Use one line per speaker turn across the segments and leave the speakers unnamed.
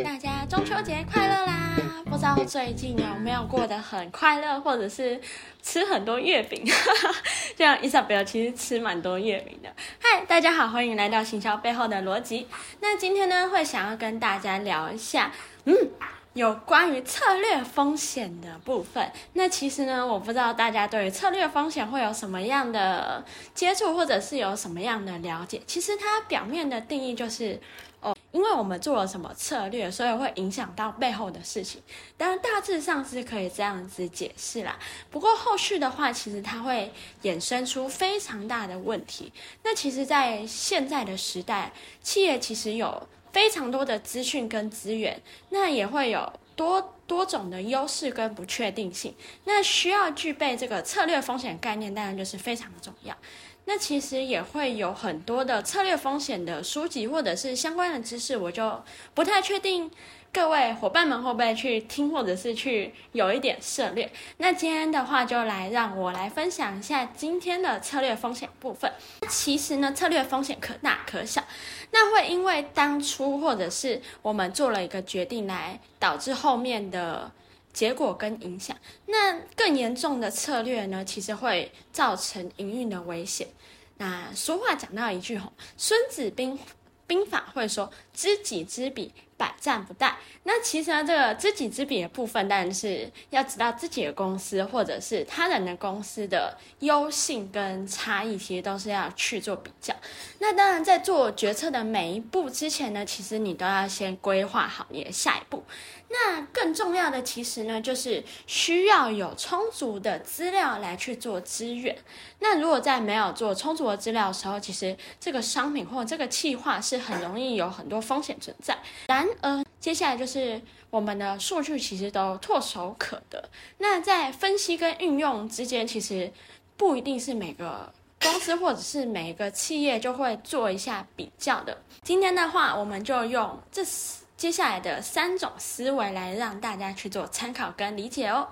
大家中秋節快樂啦！不知道最近有沒有過得很快樂，或者是吃很多月餅？這樣伊莎比亞其實吃蠻多月餅的。嗨，大家好，歡迎來到行銷背後的邏輯。那今天呢，會想要跟大家聊一下，嗯，有關於策略風險的部分。那其實呢，我不知道大家對於策略風險會有什麼樣的接觸，或者是有什麼樣的了解。其實它表面的定義就是。因為我們做了什麼策略，所以會影響到背後的事情。當然，大致上是可以這樣子解釋啦。不過後續的話，其實它會衍生出非常大的問題。那其實在現在的時代，企業其實有非常多的資訊跟資源，那也會有多多種的優勢跟不確定性，那需要具備這個策略風險概念，當然就是非常的重要。那其實也會有很多的策略風險的書籍或者是相關的知識，我就不太確定。各位夥伴們會不會去聽，或者是去有一點涉獵？那今天的話，就來讓我來分享一下今天的策略風險部分。其實呢，策略風險可大可小，那會因為當初或者是我們做了一個決定，來導致後面的結果跟影響。那更嚴重的策略呢，其實會造成營運的危險。那俗話講到一句吼，《孫子兵兵法》會說：“知己知彼。”百戰不殆。那其實呢，這個知己知彼的部分，當然是要知道自己的公司或者是他人的公司的優性跟差異，其實都是要去做比較。那當然，在做決策的每一步之前呢，其實你都要先規劃好你的下一步。那更重要的，其實呢，就是需要有充足的資料來去做支援。那如果在沒有做充足的資料的時候，其實這個商品或這個計劃是很容易有很多風險存在。嗯、呃，接下來就是我們的數據其實都唾手可得。那在分析跟運用之間，其實不一定是每個公司或者是每一個企業就會做一下比較的。今天的話，我們就用這接下來的三種思維來讓大家去做參考跟理解哦。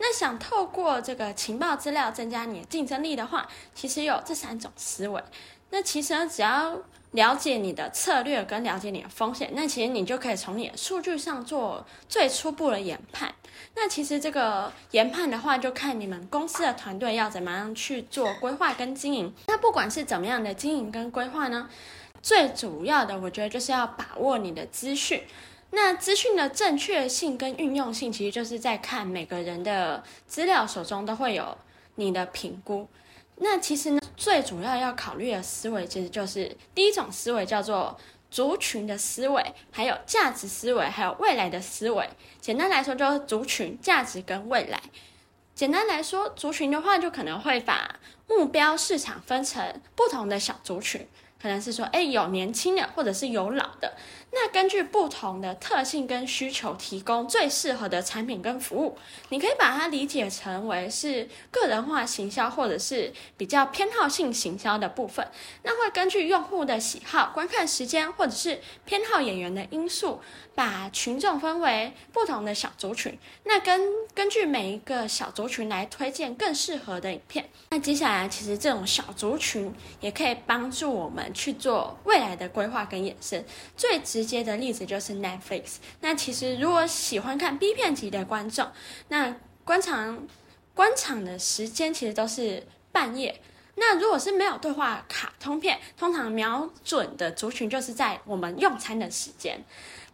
那想透過這個情報資料增加你競爭力的話，其實有這三種思維。那其實只要。了解你的策略跟了解你的風險，那其實你就可以從你的數據上做最初步的研判。那其實這個研判的話，就看你們公司的團隊要怎麼樣去做規劃跟經營。那不管是怎麼樣的經營跟規劃呢，最主要的我覺得就是要把握你的資訊。那資訊的正確性跟運用性，其實就是在看每個人的資料手中都會有你的評估。那其實呢，最主要要考慮的思維，其實就是第一種思維叫做族群的思維，還有價值思維，還有未來的思維。簡單來說，就是族群、價值跟未來。簡單來說，族群的話，就可能會把目標市場分成不同的小族群，可能是說，誒，有年輕的，或者是有老的。那根據不同的特性跟需求，提供最適合的產品跟服務，你可以把它理解成為是個人化行銷，或者是比較偏好性行銷的部分。那會根據用戶的喜好、觀看時間或者是偏好演員的因素，把群眾分為不同的小族群。那根根據每一個小族群來推薦更適合的影片。那接下來其實這種小族群也可以幫助我們去做未來的規劃跟延伸，最值。直接的例子就是 Netflix。那其實如果喜歡看 B 片級的觀眾，那觀賞觀賞的時間其實都是半夜。那如果是沒有對話卡通片，通常瞄準的族群就是在我們用餐的時間。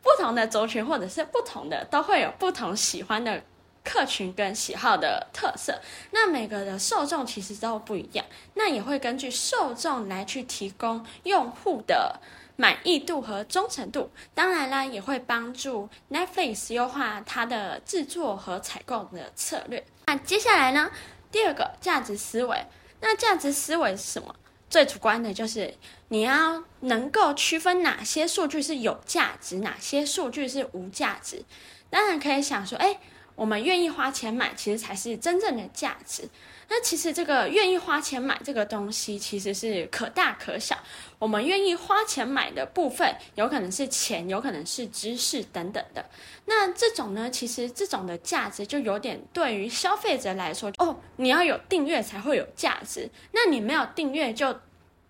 不同的族群或者是不同的，都會有不同喜歡的客群跟喜好的特色。那每個的受眾其實都不一樣，那也會根據受眾來去提供用戶的。滿意度和忠誠度，當然啦，也會幫助 Netflix 優化它的制作和採購的策略。那接下來呢？第二個價值思維，那價值思維是什麼？最主觀的就是你要能夠區分哪些數據是有價值，哪些數據是無價值。當然可以想說，哎。我們願意花錢買，其實才是真正的價值。那其實這個願意花錢買這個東西，其實是可大可小。我們願意花錢買的部分，有可能是錢，有可能是知識等等的。那這種呢，其實這種的價值就有點對於消費者來說，哦，你要有訂閱才會有價值。那你沒有訂閱就。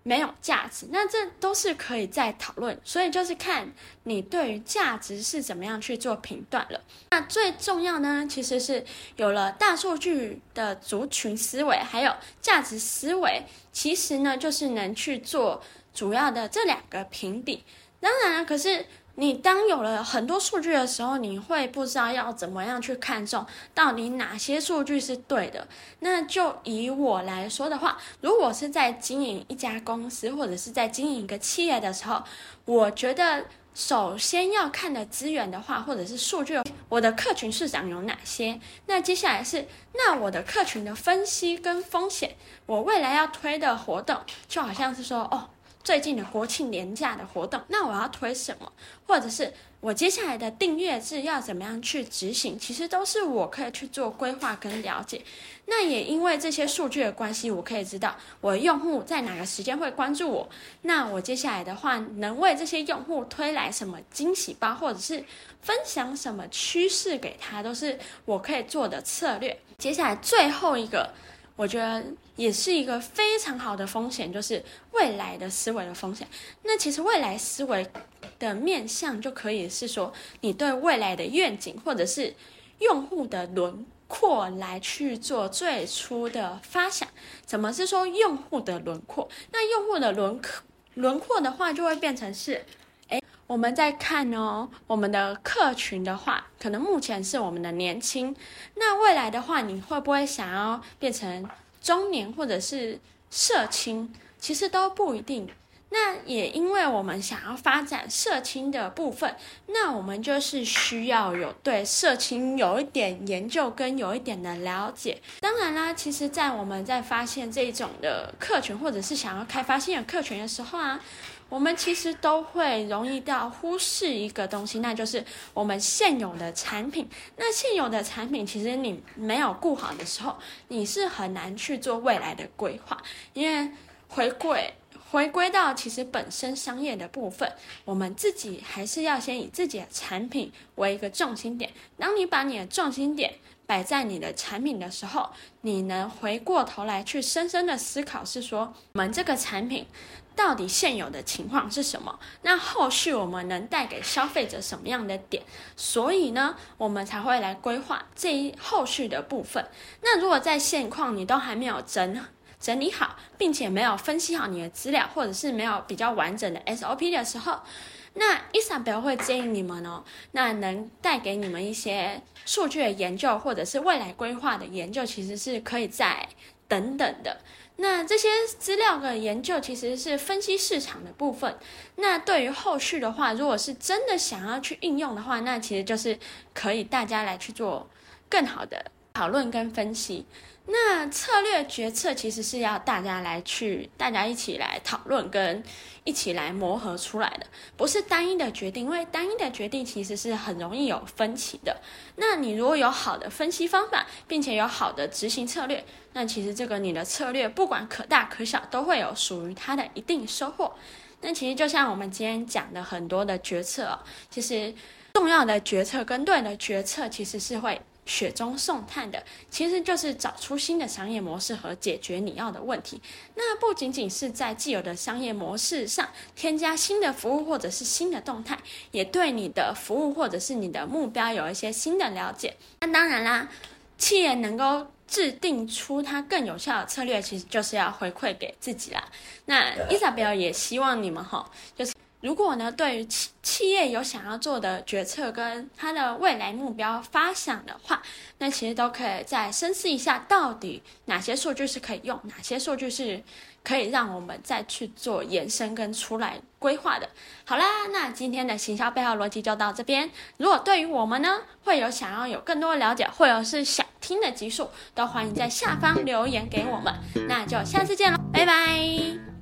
沒有價值，那這都是可以再討論，所以就是看你對於價值是怎麼樣去做評斷了。那最重要呢，其實是有了大數據的族群思維，還有價值思維，其實呢就是能去做主要的這兩個評比。當然了，可是，你當有了很多數據的時候，你會不知道要怎麼樣去看重，到底哪些數據是對的。那就以我來說的話，如果是在經營一家公司或者是在經營一個企業的時候，我覺得首先要看的資源的話，或者是數據，我的客群市場有哪些？那接下來是，那我的客群的分析跟風險，我未來要推的活動，就好像是說，哦。最近的國慶連假的活動，那我要推什麼，或者是我接下來的訂閱制要怎麼樣去執行，其實都是我可以去做規劃跟了解。那也因為這些數據的關係，我可以知道我的用戶在哪個時間會關注我，那我接下來的話能為這些用戶推來什麼驚喜包，或者是分享什麼趨勢給他，都是我可以做的策略。接下來最後一個，我覺得。也是一個非常好的風險，就是未來的思維的風險。那其實未來思維的面向就可以是說，你對未來的願景或者是用戶的輪廓來去做最初的發想。怎麼是說用戶的輪廓？那用戶的輪廓輪廓的話，就會變成是，哎，我們在看哦，我們的客群的話，可能目前是我們的年輕，那未來的話，你會不會想要變成？中年或者是社青，其實都不一定。那也因為我們想要發展社青的部分，那我們就是需要有對社青有一點研究跟有一點的了解。當然啦，其實，在我們在發現這種的客群或者是想要開發新的客群的時候啊。我們其實都會容易到忽視一個東西，那就是我們現有的產品。那現有的產品，其實你沒有顧好的時候，你是很難去做未來的規劃。因為回歸，回歸到其實本身商業的部分，我們自己還是要先以自己的產品為一個重心點。當你把你的重心點，擺在你的產品的時候，你能回過頭來去深深的思考，是說我們這個產品到底現有的情況是什麼？那後續我們能帶給消費者什麼樣的點？所以呢，我們才會來規劃這一後續的部分。那如果在現況你都還沒有整整理好，並且沒有分析好你的資料，或者是沒有比較完整的 SOP 的時候，那伊莎貝爾會建議你們哦，那能帶給你們一些數據的研究，或者是未來規劃的研究，其實是可以再等等的。那這些資料的研究其實是分析市場的部分。那對於後續的話，如果是真的想要去應用的話，那其實就是可以大家來去做更好的討論跟分析。那策略決策其實是要大家來去，大家一起來討論跟一起來磨合出來的，不是單一的決定，因為單一的決定其實是很容易有分歧的。那你如果有好的分析方法，並且有好的執行策略，那其實這個你的策略不管可大可小，都會有屬於它的一定收穫。那其實就像我們今天講的很多的決策哦，其實重要的決策跟對的決策其實是會。雪中送炭的，其實就是找出新的商業模式和解決你要的問題。那不僅僅是在既有的商業模式上添加新的服務或者是新的動態，也對你的服務或者是你的目標有一些新的了解。那當然啦，企業能夠制定出它更有效的策略，其實就是要回饋給自己啦。那伊莎貝爾也希望你們哈，就是。如果呢，對於企企業有想要做的決策跟它的未來目標發想的話，那其實都可以再深思一下，到底哪些數據是可以用，哪些數據是可以讓我們再去做延伸跟出來規劃的。好啦,那今天的行銷背後邏輯就到這邊。如果對於我們呢，會有想要有更多的了解，或者是想聽的集數，都歡迎在下方留言給我們。那就下次見嘍，拜拜。